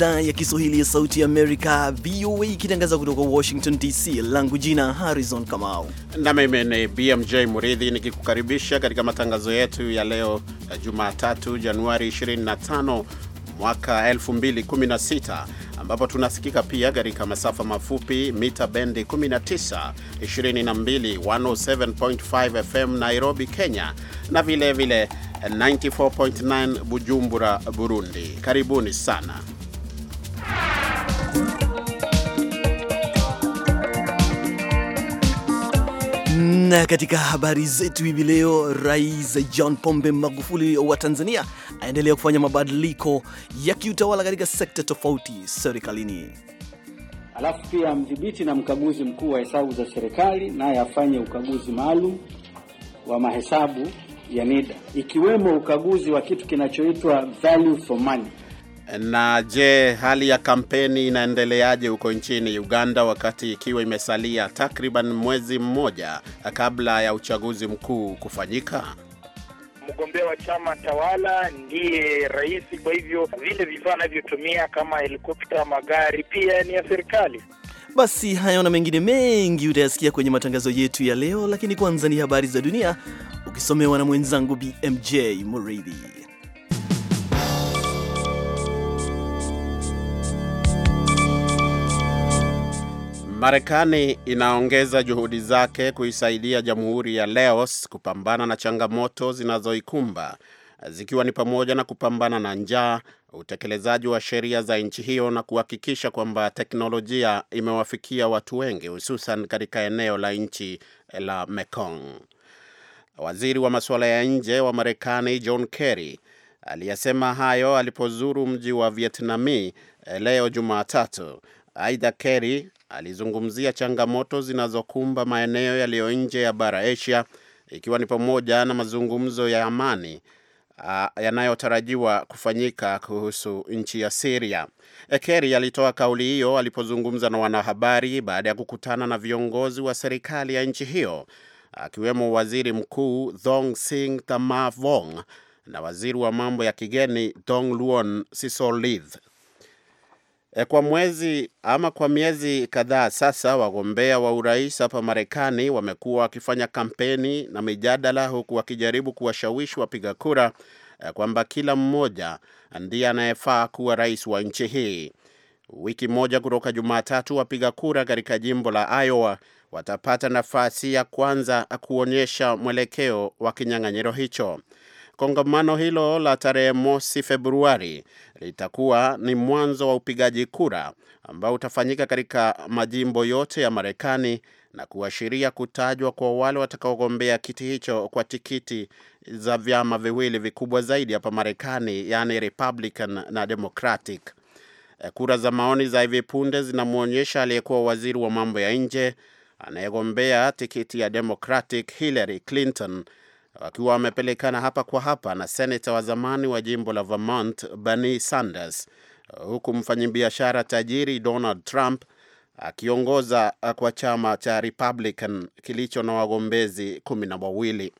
idhaa ya Kiswahili ya Sauti ya Amerika, VOA, ikitangaza kutoka Washington DC. Langu jina Harrison Kamau na mimi ni BMJ Muridhi nikikukaribisha katika matangazo yetu ya leo eh, Jumatatu, Januari 25 mwaka 2016 ambapo tunasikika pia katika masafa mafupi mita bendi 19, 22, 107.5 FM Nairobi, Kenya na vilevile 94.9 Bujumbura, Burundi. Karibuni sana. Na katika habari zetu hivi leo, Rais John Pombe Magufuli wa Tanzania aendelea kufanya mabadiliko ya kiutawala katika sekta tofauti serikalini. Alafu pia mdhibiti na mkaguzi mkuu wa hesabu za serikali naye afanye ukaguzi maalum wa mahesabu ya NIDA, ikiwemo ukaguzi wa kitu kinachoitwa value for money. Na je, hali ya kampeni inaendeleaje huko nchini Uganda wakati ikiwa imesalia takriban mwezi mmoja kabla ya uchaguzi mkuu kufanyika? Mgombea wa chama tawala ndiye rais, kwa hivyo vile vifaa anavyotumia kama helikopta, magari pia ni ya serikali. Basi hayo na mengine mengi utayasikia kwenye matangazo yetu ya leo, lakini kwanza ni habari za dunia ukisomewa na mwenzangu BMJ Muridhi. Marekani inaongeza juhudi zake kuisaidia jamhuri ya Laos kupambana na changamoto zinazoikumba zikiwa ni pamoja na kupambana na njaa, utekelezaji wa sheria za nchi hiyo na kuhakikisha kwamba teknolojia imewafikia watu wengi, hususan katika eneo la nchi la Mekong. Waziri wa masuala ya nje wa Marekani John Kerry aliyesema hayo alipozuru mji wa Vietnami eh, leo Jumatatu. Aidha, Kerry alizungumzia changamoto zinazokumba maeneo yaliyo nje ya bara Asia, ikiwa ni pamoja na mazungumzo ya amani yanayotarajiwa kufanyika kuhusu nchi ya Siria. Kerry alitoa kauli hiyo alipozungumza na wanahabari baada ya kukutana na viongozi wa serikali ya nchi hiyo akiwemo Waziri Mkuu Thong Sing Tamavong na Waziri wa mambo ya kigeni Thong Luon Sisolith. E, kwa mwezi ama kwa miezi kadhaa sasa wagombea wa urais hapa Marekani wamekuwa wakifanya kampeni na mijadala huku wakijaribu kuwashawishi wapiga kura eh, kwamba kila mmoja ndiye anayefaa kuwa rais wa nchi hii. Wiki moja kutoka Jumatatu, wapiga kura katika jimbo la Iowa watapata nafasi ya kwanza kuonyesha mwelekeo wa kinyang'anyiro hicho kongamano hilo la tarehe mosi Februari litakuwa ni mwanzo wa upigaji kura ambao utafanyika katika majimbo yote ya Marekani na kuashiria kutajwa kwa wale watakaogombea kiti hicho kwa tikiti za vyama viwili vikubwa zaidi hapa Marekani, yaani Republican na Democratic. Eh, kura za maoni za hivi punde zinamwonyesha aliyekuwa waziri wa mambo ya nje anayegombea tikiti ya Democratic Hillary Clinton wakiwa wamepelekana hapa kwa hapa na seneta wa zamani wa jimbo la Vermont Bernie Sanders, huku mfanyabiashara tajiri Donald Trump akiongoza kwa chama cha Republican kilicho na wagombezi kumi na wawili.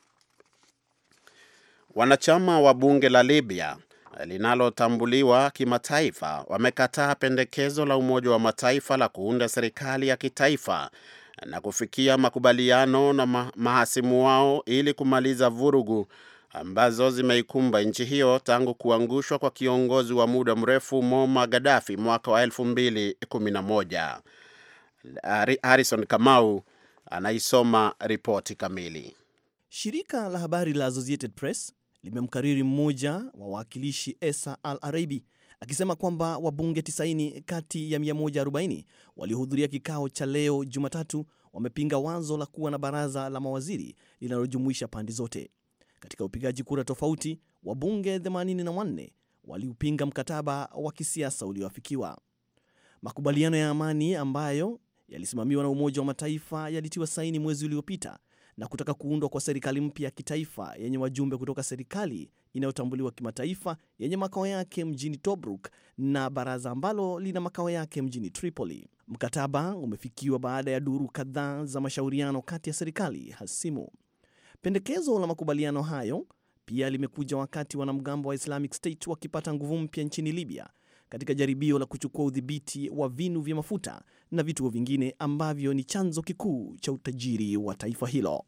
Wanachama wa bunge la Libya linalotambuliwa kimataifa wamekataa pendekezo la Umoja wa Mataifa la kuunda serikali ya kitaifa na kufikia makubaliano na mahasimu wao ili kumaliza vurugu ambazo zimeikumba nchi hiyo tangu kuangushwa kwa kiongozi wa muda mrefu Muammar Gaddafi mwaka wa 2011. Harrison Kamau anaisoma ripoti kamili. Shirika la habari la Associated Press limemkariri mmoja wa wawakilishi Esa Al Arabi akisema kwamba wabunge 90 kati ya 140 waliohudhuria kikao cha leo Jumatatu wamepinga wazo la kuwa na baraza la mawaziri linalojumuisha pande zote. Katika upigaji kura tofauti, wabunge 84 waliupinga mkataba wa kisiasa ulioafikiwa. Makubaliano ya amani ambayo yalisimamiwa na Umoja wa Mataifa yalitiwa saini mwezi uliopita na kutaka kuundwa kwa serikali mpya ya kitaifa yenye wajumbe kutoka serikali inayotambuliwa kimataifa yenye makao yake mjini Tobruk na baraza ambalo lina makao yake mjini Tripoli. Mkataba umefikiwa baada ya duru kadhaa za mashauriano kati ya serikali hasimu. Pendekezo la makubaliano hayo pia limekuja wakati wanamgambo wa Islamic State wakipata nguvu mpya nchini Libya katika jaribio la kuchukua udhibiti wa vinu vya mafuta na vituo vingine ambavyo ni chanzo kikuu cha utajiri wa taifa hilo.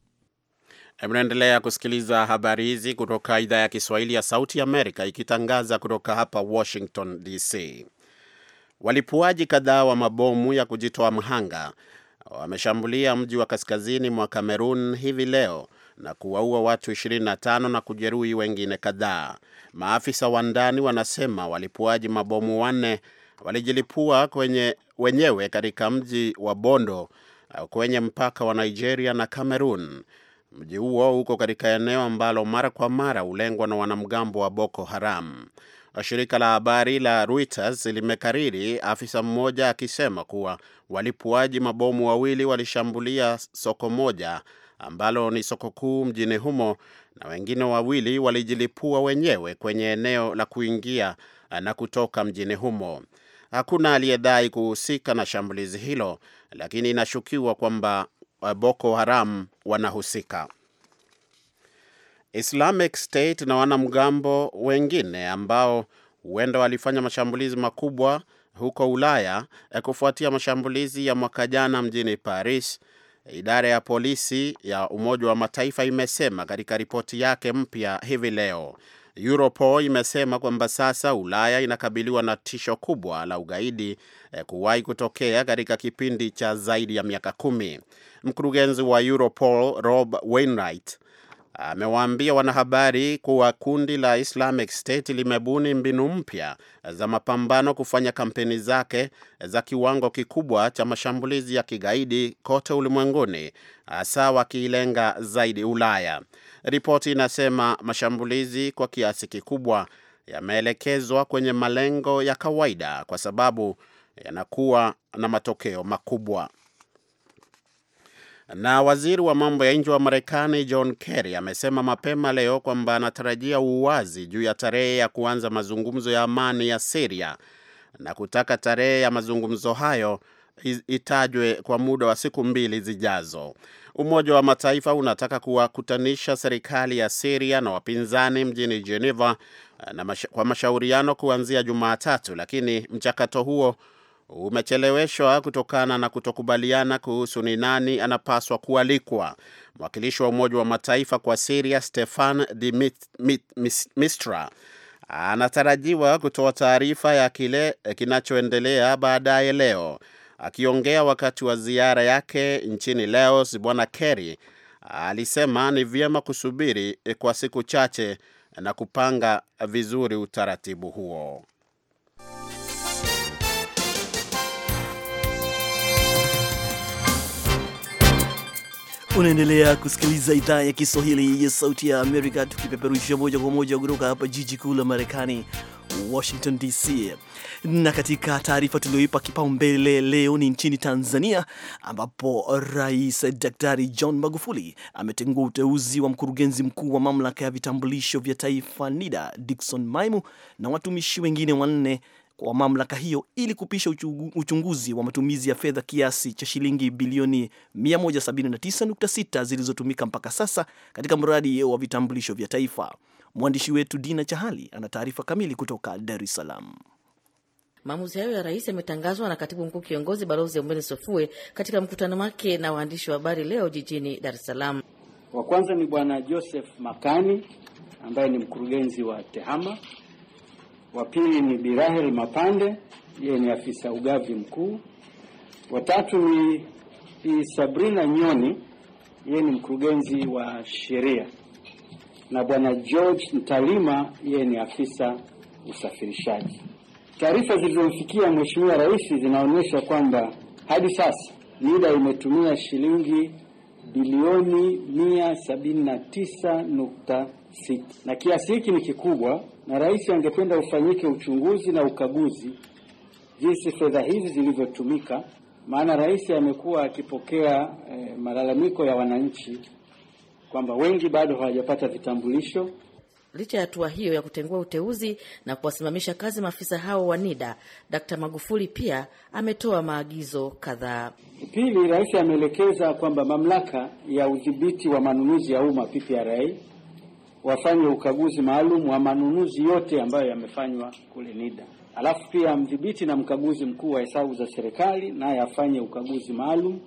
Mnaendelea kusikiliza habari hizi kutoka idhaa ya Kiswahili ya Sauti Amerika ikitangaza kutoka hapa Washington DC. Walipuaji kadhaa wa mabomu ya kujitoa mhanga wameshambulia mji wa kaskazini mwa Kamerun hivi leo na kuwaua watu 25 na kujeruhi wengine kadhaa. Maafisa wa ndani wanasema walipuaji mabomu wanne walijilipua kwenye wenyewe katika mji wa Bondo kwenye mpaka wa Nigeria na Kamerun. Mji huo uko katika eneo ambalo mara kwa mara hulengwa na wanamgambo wa Boko Haram. Shirika la habari la Reuters limekariri afisa mmoja akisema kuwa walipuaji mabomu wawili walishambulia soko moja ambalo ni soko kuu mjini humo na wengine wawili walijilipua wenyewe kwenye eneo la kuingia na kutoka mjini humo. Hakuna aliyedai kuhusika na shambulizi hilo, lakini inashukiwa kwamba Boko Haram wanahusika. Islamic State na wanamgambo wengine ambao huenda walifanya mashambulizi makubwa huko Ulaya eh, kufuatia mashambulizi ya mwaka jana mjini Paris, idara ya polisi ya Umoja wa Mataifa imesema katika ripoti yake mpya hivi leo. Europol imesema kwamba sasa Ulaya inakabiliwa na tisho kubwa la ugaidi eh, kuwahi kutokea katika kipindi cha zaidi ya miaka kumi. Mkurugenzi wa Europol Rob Wainwright amewaambia wanahabari kuwa kundi la Islamic State limebuni mbinu mpya za mapambano kufanya kampeni zake za kiwango kikubwa cha mashambulizi ya kigaidi kote ulimwenguni, hasa wakiilenga zaidi Ulaya. Ripoti inasema mashambulizi kwa kiasi kikubwa yameelekezwa kwenye malengo ya kawaida kwa sababu yanakuwa na matokeo makubwa. Na waziri wa mambo ya nje wa Marekani John Kerry amesema mapema leo kwamba anatarajia uwazi juu ya tarehe ya kuanza mazungumzo ya amani ya Siria na kutaka tarehe ya mazungumzo hayo itajwe kwa muda wa siku mbili zijazo. Umoja wa Mataifa unataka kuwakutanisha serikali ya Siria na wapinzani mjini Geneva eh, na masha, kwa mashauriano kuanzia Jumatatu, lakini mchakato huo umecheleweshwa kutokana na kutokubaliana kuhusu ni nani anapaswa kualikwa. Mwakilishi wa Umoja wa Mataifa kwa Siria Stefan de Mit, Mit, Mistra anatarajiwa kutoa taarifa ya kile eh, kinachoendelea baadaye leo. Akiongea wakati wa ziara yake nchini Laos, Bwana Kerry alisema ni vyema kusubiri eh, kwa siku chache na kupanga vizuri utaratibu huo. Unaendelea kusikiliza idhaa ya Kiswahili ya Sauti ya Amerika, tukipeperusha moja kwa moja kutoka hapa jiji kuu la Marekani, Washington DC. Na katika taarifa tuliyoipa kipaumbele leo ni nchini Tanzania, ambapo Rais Daktari John Magufuli ametengua uteuzi wa mkurugenzi mkuu wa mamlaka ya vitambulisho vya taifa NIDA, Dickson Maimu, na watumishi wengine wanne wa mamlaka hiyo ili kupisha uchunguzi wa matumizi ya fedha kiasi cha shilingi bilioni 179.6 zilizotumika mpaka sasa katika mradi wa vitambulisho vya taifa. Mwandishi wetu Dina Chahali ana taarifa kamili kutoka Dar es Salaam. Maamuzi hayo ya rais yametangazwa na katibu mkuu kiongozi Balozi umbele Sofue katika mkutano wake na waandishi wa habari leo jijini Dar es Salaam. Wa kwanza ni bwana Joseph Makani ambaye ni mkurugenzi wa TEHAMA. Wa pili ni Birahel Mapande, yeye ni afisa ugavi mkuu. Wa tatu ni Bi Sabrina Nyoni, yeye ni mkurugenzi wa sheria, na bwana George Ntalima, yeye ni afisa usafirishaji. Taarifa zilizomfikia Mheshimiwa Rais zinaonyesha kwamba hadi sasa NIDA imetumia shilingi bilioni 179.6 na kiasi hiki ni kikubwa, na rais angependa ufanyike uchunguzi na ukaguzi jinsi fedha hizi zilivyotumika, maana rais amekuwa akipokea eh, malalamiko ya wananchi kwamba wengi bado hawajapata vitambulisho. Licha ya hatua hiyo ya kutengua uteuzi na kuwasimamisha kazi maafisa hao wa NIDA, Dkt. Magufuli pia ametoa maagizo kadhaa. Pili, rais ameelekeza kwamba mamlaka ya udhibiti wa manunuzi ya umma PPRA wafanye ukaguzi maalum wa manunuzi yote ambayo yamefanywa kule NIDA. Alafu pia mdhibiti na mkaguzi mkuu wa hesabu za serikali naye afanye ukaguzi maalum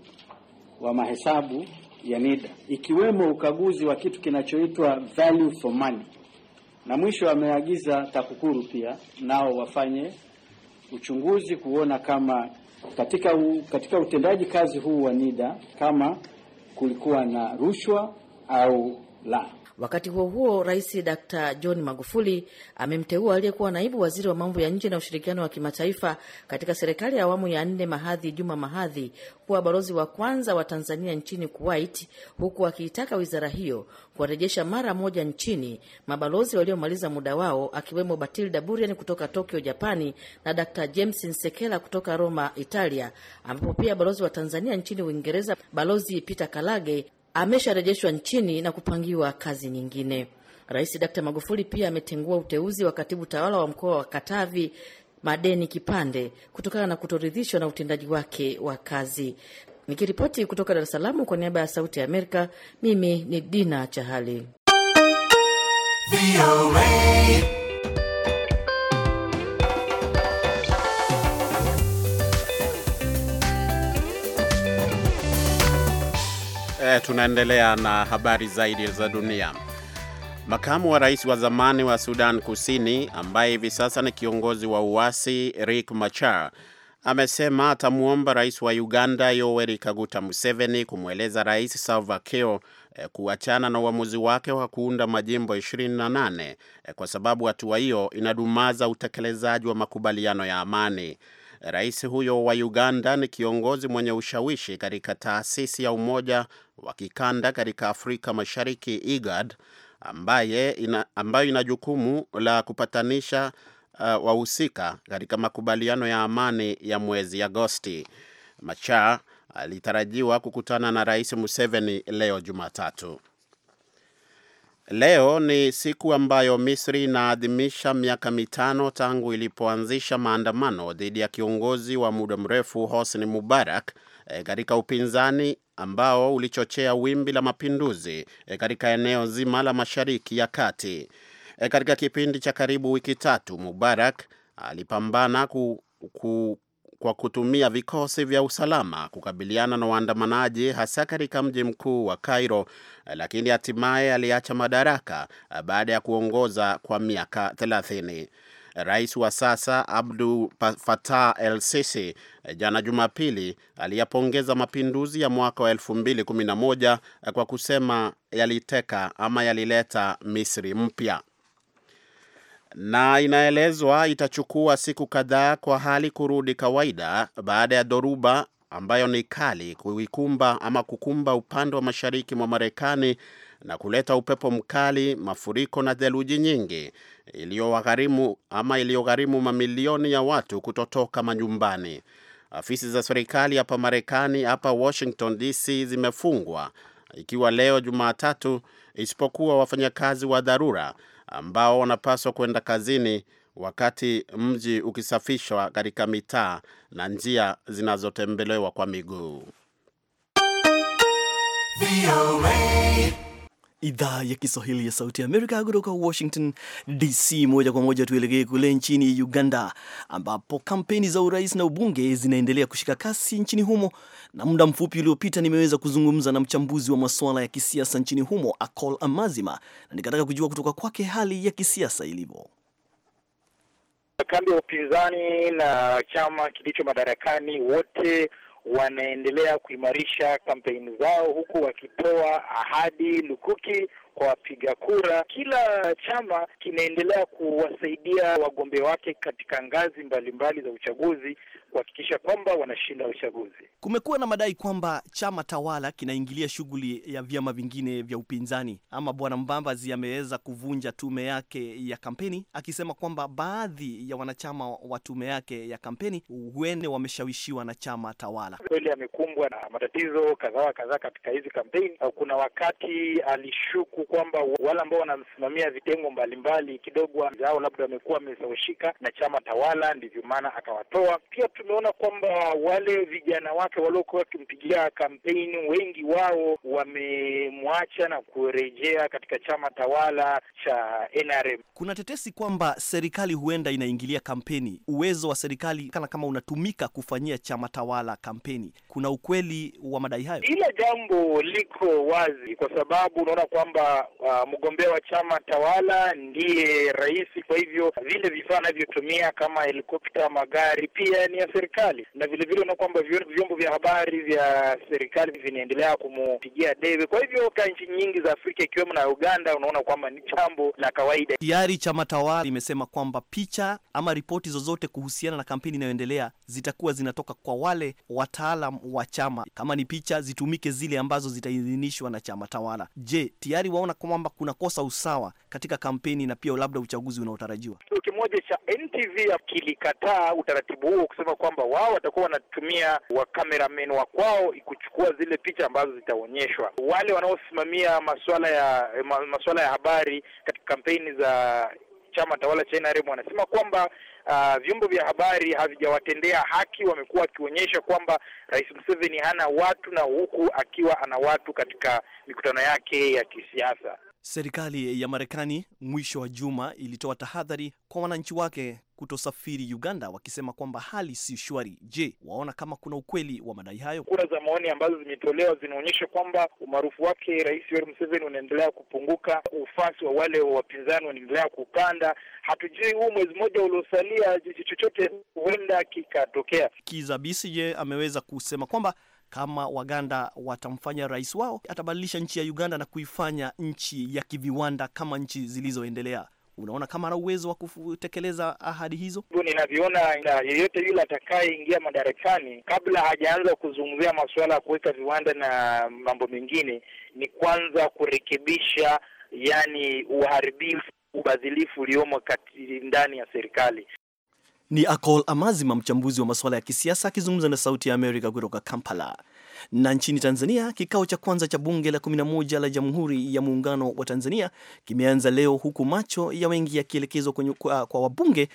wa mahesabu ya NIDA, ikiwemo ukaguzi wa kitu kinachoitwa value for money. Na mwisho ameagiza TAKUKURU pia nao wafanye uchunguzi kuona kama katika, u, katika utendaji kazi huu wa NIDA kama kulikuwa na rushwa au la. Wakati huo huo, Rais Dkt John Magufuli amemteua aliyekuwa naibu waziri wa mambo ya nje na ushirikiano wa kimataifa katika serikali ya awamu ya nne Mahadhi Juma Mahadhi kuwa balozi wa kwanza wa Tanzania nchini Kuwait, huku akiitaka wizara hiyo kuwarejesha mara moja nchini mabalozi waliomaliza muda wao akiwemo Batilda Burian kutoka Tokyo, Japani na Dkt James Nsekela kutoka Roma, Italia, ambapo pia balozi wa Tanzania nchini Uingereza Balozi Peter Kalage amesharejeshwa nchini na kupangiwa kazi nyingine. Rais Dkt. Magufuli pia ametengua uteuzi wa katibu tawala wa mkoa wa Katavi Madeni Kipande kutokana na kutoridhishwa na utendaji wake wa kazi. Nikiripoti kutoka Dar es Salaam kwa niaba ya Sauti ya Amerika, mimi ni Dina Chahali. eh, tunaendelea na habari zaidi za dunia. Makamu wa rais wa zamani wa Sudan Kusini ambaye hivi sasa ni kiongozi wa uasi Riek Machar amesema atamwomba rais wa Uganda Yoweri Kaguta Museveni kumweleza rais Salva Kiir eh, kuachana na uamuzi wake wa kuunda majimbo 28 eh, kwa sababu hatua hiyo inadumaza utekelezaji wa makubaliano ya amani. Rais huyo wa Uganda ni kiongozi mwenye ushawishi katika taasisi ya umoja wa kikanda katika Afrika Mashariki, IGAD, ambaye ina, ambayo ina jukumu la kupatanisha uh, wahusika katika makubaliano ya amani ya mwezi Agosti. Macha alitarajiwa kukutana na Rais Museveni leo Jumatatu. Leo ni siku ambayo Misri inaadhimisha miaka mitano tangu ilipoanzisha maandamano dhidi ya kiongozi wa muda mrefu Hosni Mubarak e, katika upinzani ambao ulichochea wimbi la mapinduzi e, katika eneo zima la Mashariki ya Kati. E, katika kipindi cha karibu wiki tatu Mubarak alipambana ku, ku, kwa kutumia vikosi vya usalama kukabiliana na waandamanaji hasa katika mji mkuu wa Cairo, lakini hatimaye aliacha madaraka baada ya kuongoza kwa miaka 30. Rais wa sasa Abdu Fatah El Sisi jana Jumapili aliyapongeza mapinduzi ya mwaka wa e211 kwa kusema yaliteka ama yalileta Misri mpya na inaelezwa itachukua siku kadhaa kwa hali kurudi kawaida baada ya dhoruba ambayo ni kali kuikumba ama kukumba upande wa mashariki mwa Marekani na kuleta upepo mkali, mafuriko na theluji nyingi iliyowagharimu ama iliyogharimu mamilioni ya watu kutotoka manyumbani. Afisi za serikali hapa Marekani, hapa Washington DC, zimefungwa ikiwa leo Jumatatu, isipokuwa wafanyakazi wa dharura ambao wanapaswa kwenda kazini wakati mji ukisafishwa katika mitaa na njia zinazotembelewa kwa miguu idhaa ya Kiswahili ya Sauti Amerika kutoka Washington DC. Moja kwa moja tuelekee kule nchini Uganda, ambapo kampeni za urais na ubunge zinaendelea kushika kasi nchini humo, na muda mfupi uliopita nimeweza kuzungumza na mchambuzi wa masuala ya kisiasa nchini humo Akol Amazima, na nikataka kujua kutoka kwake hali ya kisiasa ilivyo. Kambi ya upinzani na chama kilicho madarakani wote wanaendelea kuimarisha kampeni zao huku wakitoa ahadi lukuki kwa wapiga kura. Kila chama kinaendelea kuwasaidia wagombea wake katika ngazi mbalimbali mbali za uchaguzi kuhakikisha kwamba wanashinda uchaguzi. Kumekuwa na madai kwamba chama tawala kinaingilia shughuli ya vyama vingine vya upinzani, ama Bwana Mbambazi ameweza kuvunja tume yake ya kampeni akisema kwamba baadhi ya wanachama wa tume yake ya kampeni huende wameshawishiwa na chama tawala. Kweli amekumbwa na matatizo kadhaa kadhaa katika hizi kampeni. Kuna wakati alishuku kwamba wale ambao wanasimamia vitengo mbalimbali kidogo ao labda wamekuwa wamesaushika na chama tawala, ndivyo maana akawatoa. Pia tumeona kwamba wale vijana wake waliokuwa wakimpigia kampeni wengi wao wamemwacha na kurejea katika chama tawala cha NRM. Kuna tetesi kwamba serikali huenda inaingilia kampeni, uwezo wa serikali kana kama unatumika kufanyia chama tawala kampeni. Kuna ukweli wa madai hayo? Hilo jambo liko wazi, kwa sababu unaona kwamba uh, mgombea wa chama tawala ndiye rais. Kwa hivyo vile vifaa anavyotumia kama helikopta, magari pia ni ya serikali, na vilevile na kwamba vyombo vya habari vya serikali vinaendelea kumupigia debe. Kwa hivyo ka nchi nyingi za Afrika ikiwemo na Uganda, unaona kwamba ni jambo la kawaida. Tayari chama tawala imesema kwamba picha ama ripoti zozote kuhusiana na kampeni inayoendelea zitakuwa zinatoka kwa wale wataalam wa chama. Kama ni picha, zitumike zile ambazo zitaidhinishwa na chama tawala. Je, tayari wa unaona kwamba kosa usawa katika kampeni na pia labda uchaguzi unaotarajiwa? Kituo kimoja cha NTV kilikataa utaratibu huo, kusema kwamba wao watakuwa wanatumia cameraman wa kwao kuchukua zile picha ambazo zitaonyeshwa. Wale wanaosimamia masuala ya masuala ya habari katika kampeni za chama tawala cha NRM wanasema kwamba uh, vyombo vya habari havijawatendea haki. Wamekuwa wakionyesha kwamba Rais Museveni hana watu, na huku akiwa ana watu katika mikutano yake ya kisiasa. Serikali ya Marekani mwisho wa juma ilitoa tahadhari kwa wananchi wake kutosafiri Uganda, wakisema kwamba hali si shwari. Je, waona kama kuna ukweli wa madai hayo? Kura za maoni ambazo zimetolewa zinaonyesha kwamba umaarufu wake Rais Yoweri Museveni unaendelea kupunguka, ufasi wa wale wa wapinzani wanaendelea kupanda. Hatujui huu mwezi mmoja uliosalia, chochote huenda kikatokea. kizabisi Besigye ameweza kusema kwamba kama Waganda watamfanya rais wao, atabadilisha nchi ya Uganda na kuifanya nchi ya kiviwanda kama nchi zilizoendelea. Unaona kama ana uwezo wa kutekeleza ahadi hizo? Ninavyoona, yeyote yule atakayeingia madarakani, kabla hajaanza kuzungumzia masuala ya kuweka viwanda na mambo mengine, ni kwanza kurekebisha, yani uharibifu, ubadhilifu uliomo ndani ya serikali. Ni Akol Amazima, mchambuzi wa masuala ya kisiasa, akizungumza na Sauti ya Amerika kutoka Kampala. Na nchini Tanzania, kikao cha kwanza cha bunge la 11 la Jamhuri ya Muungano wa Tanzania kimeanza leo, huku macho ya wengi yakielekezwa kwa, kwa wabunge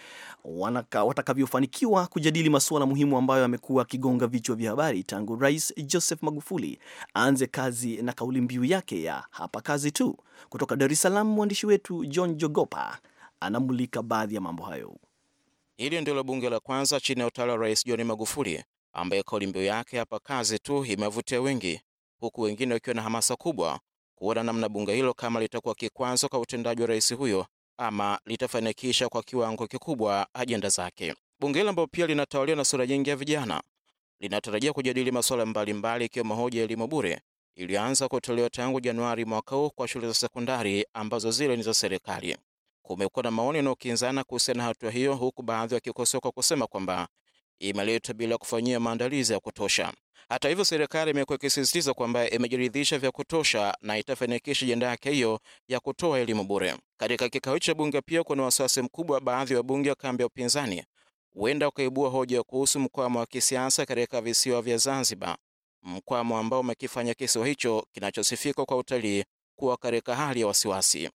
watakavyofanikiwa kujadili masuala muhimu ambayo yamekuwa akigonga vichwa vya habari tangu Rais Joseph Magufuli aanze kazi na kauli mbiu yake ya hapa kazi tu. Kutoka Dar es Salaam, mwandishi wetu John Jogopa anamulika baadhi ya mambo hayo. Hili ndilo bunge la kwanza chini ya utawala wa Rais John Magufuli ambaye kauli mbiu yake hapa kazi tu imevutia wengi, huku wengine wakiwa na hamasa kubwa kuona namna bunge hilo kama litakuwa kikwazo kwa utendaji wa rais huyo ama litafanikisha kwa kiwango kikubwa ajenda zake. Bunge hilo ambalo pia linatawaliwa na sura nyingi ya vijana linatarajia kujadili masuala mbalimbali, ikiwemo hoja ya elimu bure iliyoanza kutolewa tangu Januari mwaka huu kwa shule za sekondari ambazo zile ni za serikali. Kumekuwa na maoni yanayokinzana kuhusiana na hatua hiyo, huku baadhi wakikosoa kwa kusema kwamba imeletwa bila kufanyia maandalizi ya kutosha. Hata hivyo, serikali imekuwa ikisisitiza kwamba imejiridhisha vya kutosha na itafanikisha ajenda yake hiyo ya kutoa elimu bure. Katika kikao cha bunge pia kuna wasiwasi mkubwa wa baadhi ya wabunge wa kambi ya upinzani huenda ukaibua hoja kuhusu mkwamo wa kisiasa katika visiwa vya Zanzibar, mkwamo ambao umekifanya kisiwa hicho kinachosifika kwa utalii kuwa katika hali ya wasiwasi.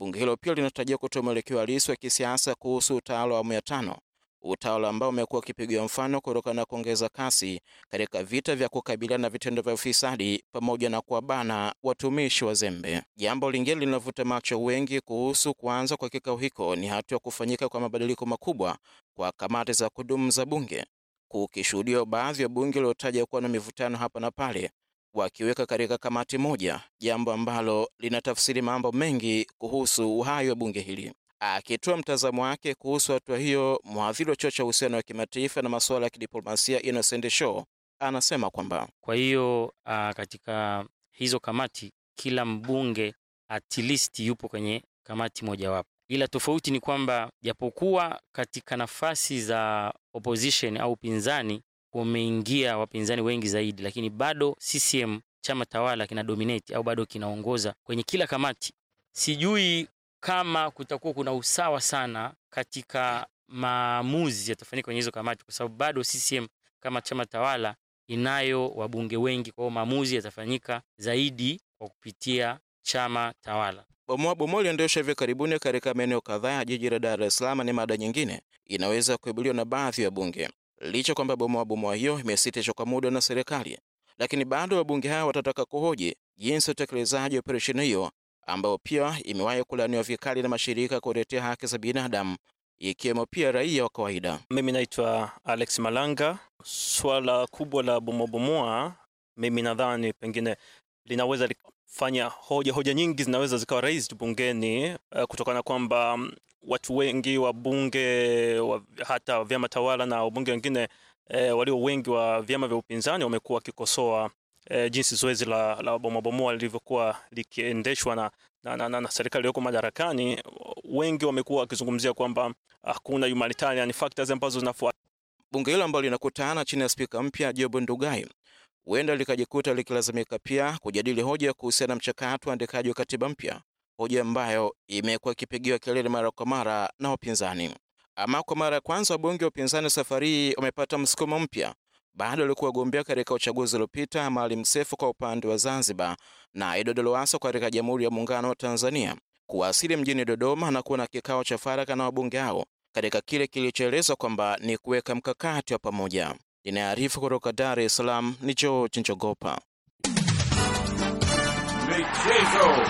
Bunge hilo pia linatarajia kutoa mwelekeo halisi wa kisiasa kuhusu utawala wa awamu ya tano, utawala ambao umekuwa ukipigiwa mfano kutokana na kuongeza kasi katika vita vya kukabiliana na vitendo vya ufisadi pamoja na kuwabana watumishi wazembe. Jambo lingine linavuta macho wengi kuhusu kuanza kwa kikao hiko ni hatua kufanyika kwa mabadiliko makubwa kwa kamati za kudumu za bunge, kukishuhudiwa baadhi ya bunge lililotaja kuwa na mivutano hapa na pale wakiweka katika kamati moja, jambo ambalo linatafsiri mambo mengi kuhusu uhai wa bunge hili. Akitoa mtazamo wake kuhusu hatua hiyo, mhadhiri wa chuo cha uhusiano wa kimataifa na masuala ya kidiplomasia Innocent Show anasema kwamba kwa hiyo uh, katika hizo kamati kila mbunge at least yupo kwenye kamati mojawapo, ila tofauti ni kwamba japokuwa katika nafasi za opposition au pinzani wameingia wapinzani wengi zaidi, lakini bado CCM chama tawala kina dominate au bado kinaongoza kwenye kila kamati. Sijui kama kutakuwa kuna usawa sana katika maamuzi yatafanyika kwenye hizo kamati, kwa sababu bado CCM kama chama tawala inayo wabunge wengi, kwa hiyo maamuzi yatafanyika zaidi kwa kupitia chama tawala. Bomoa bomoa iliendesha hivi karibuni katika maeneo kadhaa ya jiji la Dar es Salaam ni mada nyingine inaweza kuibuliwa na baadhi ya bunge licha kwamba bomoa bomoa hiyo imesitishwa kwa muda na serikali, lakini bado wabunge hao watataka kuhoji jinsi utekelezaji wa operesheni hiyo ambayo pia imewahi kulaniwa vikali na mashirika ya kutetea haki za binadamu ikiwemo pia raia wa kawaida. Mimi naitwa Alex Malanga. Swala kubwa la bomoabomoa, mimi nadhani pengine linaweza likafanya hoja hoja nyingi zinaweza zikawa rais bungeni, eh, kutokana kwamba mm, watu wengi wa bunge wa, hata vyama tawala na wabunge wengine e, walio wengi wa vyama vya upinzani wamekuwa wakikosoa e, jinsi zoezi la, la bomoabomoa lilivyokuwa likiendeshwa na, na, na, na, na serikali iliyoko madarakani. Wengi wamekuwa wakizungumzia kwamba hakuna humanitarian factors ambazo zinafuata. Bunge hilo ambalo linakutana chini ya spika mpya Job Ndugai huenda likajikuta likilazimika pia kujadili hoja kuhusiana na mchakato wa andikaji wa katiba mpya hoja ambayo imekuwa ikipigiwa kelele mara kwa mara na wapinzani Ama kwa mara ya kwanza wabunge wa upinzani safari hii wamepata msukumo mpya baada walikuwa wagombea katika uchaguzi uliopita, Maalim Seif kwa upande wa Zanzibar na Idodo Lowassa katika Jamhuri ya Muungano wa Tanzania kuwasili mjini Dodoma na kuwa na kikao cha faragha na wabunge hao katika kile kilichoelezwa kwamba ni kuweka mkakati wa pamoja. Inaarifu kutoka Dar es Salaam ni George Njogopa. Michezo.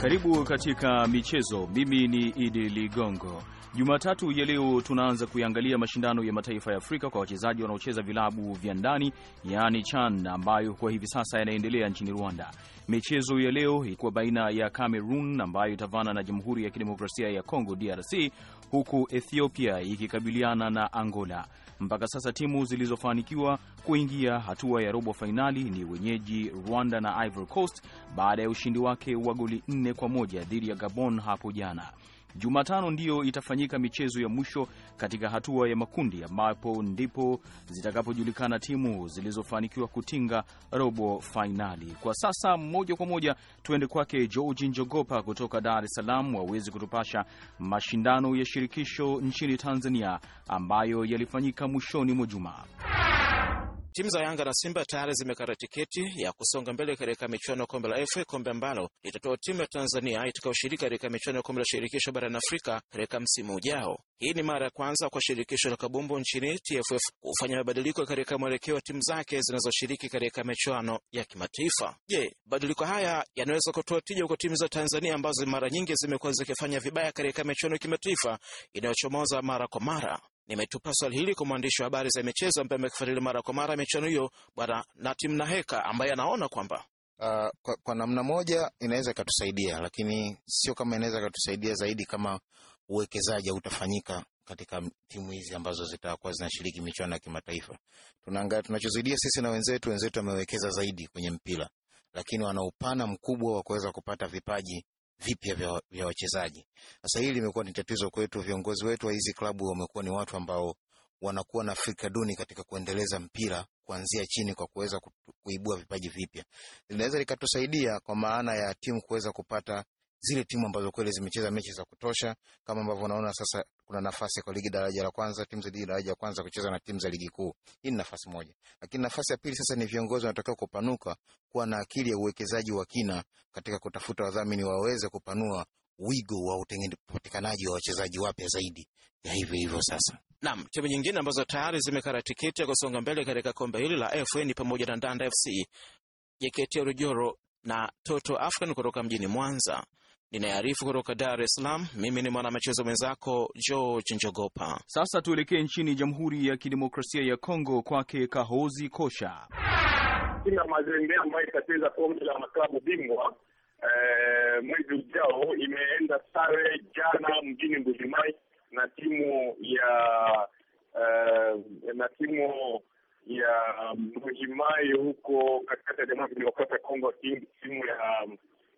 Karibu katika michezo. Mimi ni Idi Ligongo. Jumatatu ya leo tunaanza kuiangalia mashindano ya mataifa ya Afrika kwa wachezaji wanaocheza vilabu vya ndani, yaani CHAN, ambayo kwa hivi sasa yanaendelea nchini Rwanda. Michezo ya leo ikuwa baina ya Cameroon ambayo itavana na Jamhuri ya Kidemokrasia ya congo DRC, huku Ethiopia ikikabiliana na Angola. Mpaka sasa timu zilizofanikiwa kuingia hatua ya robo fainali ni wenyeji Rwanda na Ivory Coast baada ya ushindi wake wa goli nne kwa moja dhidi ya Gabon hapo jana. Jumatano ndiyo itafanyika michezo ya mwisho katika hatua ya makundi, ambapo ndipo zitakapojulikana timu zilizofanikiwa kutinga robo fainali. Kwa sasa, moja kwa moja tuende kwake Georgi Njogopa kutoka Dar es Salaam wawezi kutupasha mashindano ya shirikisho nchini Tanzania ambayo yalifanyika mwishoni mwa jumaa. Timu za Yanga na Simba tayari zimekata tiketi ya kusonga mbele katika michuano ya kombe la FA, kombe ambalo litatoa timu ya Tanzania itakayoshiriki katika michuano ya kombe la shirikisho barani Afrika katika msimu ujao. Hii ni mara ya kwanza kwa shirikisho la kabumbu nchini TFF kufanya mabadiliko katika mwelekeo wa timu zake zinazoshiriki katika michuano ya kimataifa. Je, mabadiliko haya yanaweza kutoa tija kwa timu za Tanzania ambazo mara nyingi zimekuwa zikifanya vibaya katika michuano ya kimataifa inayochomoza mara kwa mara? Nimetupa swali hili kwa mwandishi wa habari za michezo ambaye amekifuatilia mara kwa mara michuano hiyo, bwana Natim Naheka, ambaye anaona kwamba Uh, kwa, kwa namna moja inaweza ikatusaidia, lakini sio kama inaweza ikatusaidia zaidi kama uwekezaji utafanyika katika timu hizi ambazo zitakuwa zinashiriki michuano ya kimataifa. Tunaangalia tunachozidia sisi na wenzetu, wenzetu wamewekeza zaidi kwenye mpira, lakini wana upana mkubwa wa kuweza kupata vipaji vipya vya, vya wachezaji. Sasa hili limekuwa ni tatizo kwetu. Viongozi wetu wa hizi klabu wamekuwa ni watu ambao wanakuwa na fikra duni katika kuendeleza mpira kuanzia chini kwa kuweza kuibua vipaji vipya. Linaweza likatusaidia kwa maana ya timu kuweza kupata zile timu ambazo kweli zimecheza mechi za kutosha, kama ambavyo unaona sasa kuna nafasi kwa ligi daraja la kwanza, timu za ligi daraja la kwanza kucheza na timu za ligi kuu. Hii ni nafasi moja, lakini nafasi ya pili sasa ni viongozi wanatakiwa kupanuka, kuwa na akili ya uwekezaji wa kina katika kutafuta wadhamini waweze kupanua wigo wa upatikanaji wa wachezaji wapya zaidi ya hivyo hivyo sasa. Naam, timu nyingine ambazo tayari zimekata tiketi ya kusonga mbele katika kombe hili la FA ni pamoja na Ndanda FC, JKT Rujoro na Toto African kutoka mjini Mwanza ninayarifu kutoka Dar es Salaam. Mimi ni mwanamichezo mwenzako George Njogopa. Sasa tuelekee nchini Jamhuri ya Kidemokrasia ya Kongo, kwake Kahozi Kosha. Kila Mazembe ambayo itacheza kombe la maklabu bingwa eh, mwezi ujao imeenda sare jana mjini Mbujimai na timu ya eh, na timu ya Mbujimai huko katikati ya Jamhuri ya Kidemokrasia ya Kongo, timu ya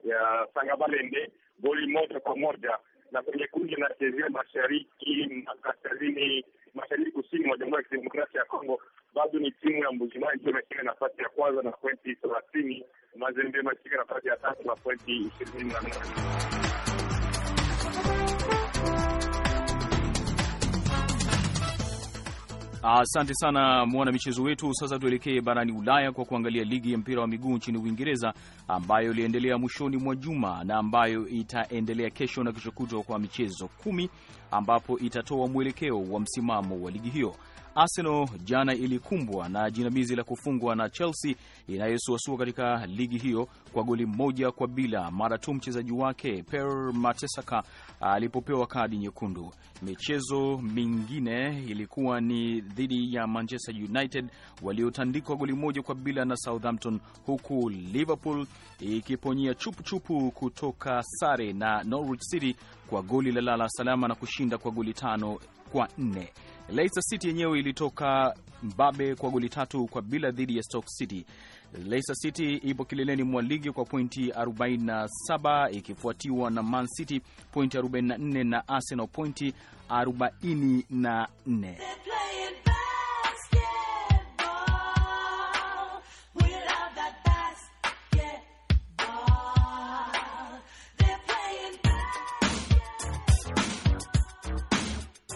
ya Sangabalende goli moja kwa moja, na kwenye kundi inachezea mashariki kaskazini mashariki kusini mwa Jamhuri ya Kidemokrasia ya Kongo bado ni timu ya Mbujimayi ndio imeshika nafasi ya kwanza na pointi thelathini. Mazembe imeshika nafasi ya tatu na pointi ishirini na nane. Asante sana mwana michezo wetu. Sasa tuelekee barani Ulaya kwa kuangalia ligi ya mpira wa miguu nchini Uingereza ambayo iliendelea mwishoni mwa juma na ambayo itaendelea kesho na kesho kutwa kwa michezo kumi ambapo itatoa mwelekeo wa msimamo wa ligi hiyo. Arsenal jana ilikumbwa na jinamizi la kufungwa na Chelsea inayosuasua katika ligi hiyo kwa goli moja kwa bila mara tu mchezaji wake Per Mertesacker alipopewa kadi nyekundu. Michezo mingine ilikuwa ni dhidi ya Manchester United waliotandikwa goli moja kwa bila na Southampton, huku Liverpool ikiponyia chupuchupu kutoka sare na Norwich City kwa goli la lala salama na kushinda kwa goli tano kwa nne. Leicester City yenyewe ilitoka mbabe kwa goli tatu kwa bila dhidi ya Stoke City. Leicester City ipo kileleni mwa ligi kwa pointi 47 ikifuatiwa na Man City pointi 44 na Arsenal pointi 44.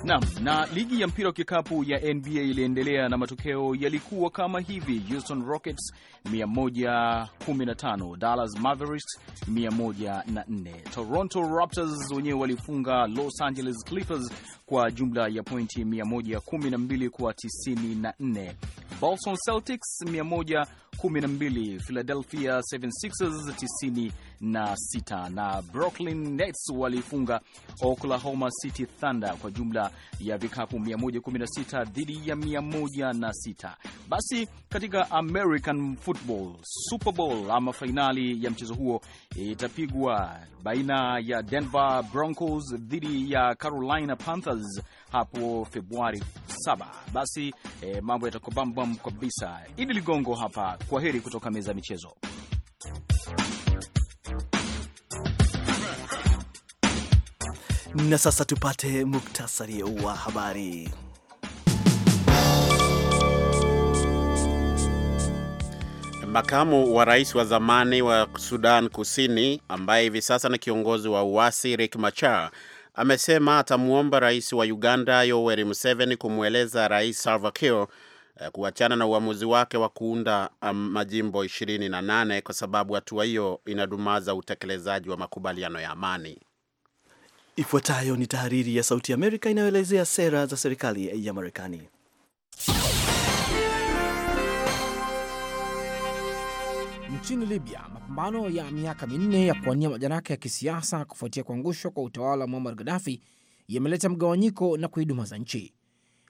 Naam, na ligi ya mpira wa kikapu ya NBA iliendelea na matokeo yalikuwa kama hivi: Houston Rockets 115, Dallas Mavericks 104. Toronto Raptors wenyewe walifunga Los Angeles Clippers kwa jumla ya pointi 112 kwa 94. Boston Celtics 112, Philadelphia 76ers 96, na Brooklyn Nets walifunga Oklahoma City Thunder kwa jumla ya vikapu 116 dhidi ya 106. Basi katika American Football Super Bowl ama fainali ya mchezo huo itapigwa baina ya Denver Broncos dhidi ya Carolina Panthers Stars hapo Februari 7. Basi e, mambo yatakuwa bambam kabisa. Idi Ligongo hapa, kwa heri kutoka meza ya michezo. Na sasa tupate muktasari wa habari. Makamu wa rais wa zamani wa Sudan Kusini ambaye hivi sasa ni kiongozi wa uasi Riek Machar amesema atamwomba rais wa Uganda Yoweri Museveni kumweleza rais Salva Kiir eh, kuachana na uamuzi wake wa kuunda um, majimbo 28 kwa sababu hatua hiyo inadumaza utekelezaji wa makubaliano ya amani. Ifuatayo ni tahariri ya Sauti ya Amerika inayoelezea sera za serikali ya Marekani. Nchini Libya, mapambano ya miaka minne ya kuwania madaraka ya kisiasa kufuatia kuangushwa kwa utawala wa Muammar Gaddafi yameleta mgawanyiko na kuidumaza nchi.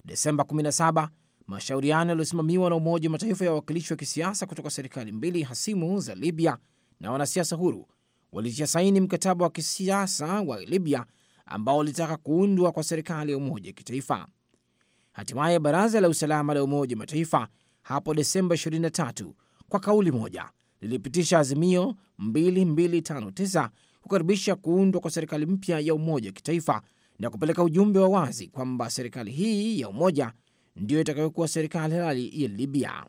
Desemba 17 mashauriano yaliyosimamiwa na Umoja wa Mataifa ya wawakilishi wa kisiasa kutoka serikali mbili hasimu za Libya na wanasiasa huru walitia saini mkataba wa kisiasa wa Libya ambao walitaka kuundwa kwa serikali ya umoja wa kitaifa. Hatimaye baraza la usalama la Umoja wa Mataifa hapo Desemba 23 kwa kauli moja lilipitisha azimio 2259 kukaribisha kuundwa kwa serikali mpya ya umoja wa kitaifa na kupeleka ujumbe wa wazi kwamba serikali hii ya umoja ndiyo itakayokuwa serikali halali ya Libya.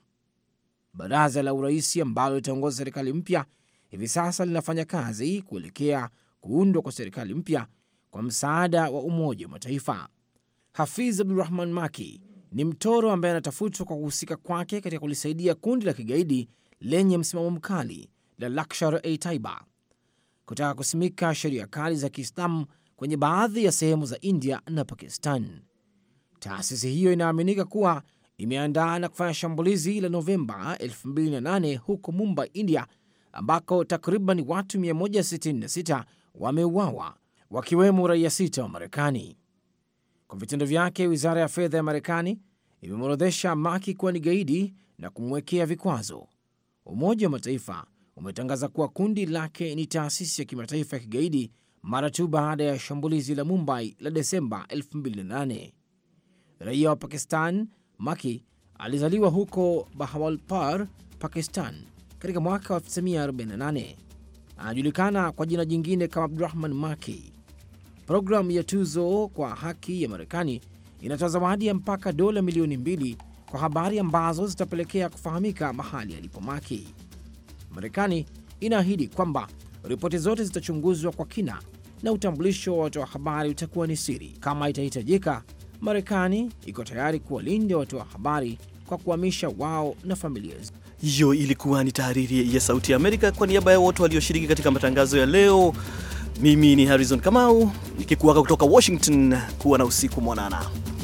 Baraza la uraisi ambalo litaongoza serikali mpya hivi sasa linafanya kazi kuelekea kuundwa kwa serikali mpya kwa msaada wa Umoja wa Mataifa. Hafiz Abdurahman Maki ni mtoro ambaye anatafutwa kwa kuhusika kwake katika kulisaidia kundi la kigaidi lenye msimamo mkali la Lakshar-e Taiba kutaka kusimika sheria kali za Kiislamu kwenye baadhi ya sehemu za India na Pakistan. Taasisi hiyo inaaminika kuwa imeandaa na kufanya shambulizi la Novemba 2008 huko Mumbai, India, ambako takriban watu 166 wameuawa wakiwemo raia sita wa Marekani. Kwa vitendo vyake, wizara ya fedha ya Marekani imemworodhesha Maki kuwa ni gaidi na kumwekea vikwazo. Umoja wa Mataifa umetangaza kuwa kundi lake ni taasisi ya kimataifa ya kigaidi mara tu baada ya shambulizi la Mumbai la Desemba 2008. Raia wa Pakistan Maki alizaliwa huko Bahawalpur, Pakistan katika mwaka wa 1948. Anajulikana kwa jina jingine kama Abdurahman Maki. Programu ya tuzo kwa haki ya Marekani inatoa zawadi ya mpaka dola milioni mbili kwa habari ambazo zitapelekea kufahamika mahali alipo Maki. Marekani inaahidi kwamba ripoti zote zitachunguzwa kwa kina na utambulisho wa watoa habari utakuwa ni siri. Kama itahitajika, Marekani iko tayari kuwalinda watoa habari kwa kuhamisha wao na familia. Hiyo ilikuwa ni tahariri ya Sauti ya Amerika. Kwa niaba ya wote walioshiriki katika matangazo ya leo, mimi ni Harrison Kamau nikikuaga kutoka Washington. Kuwa na usiku mwanana.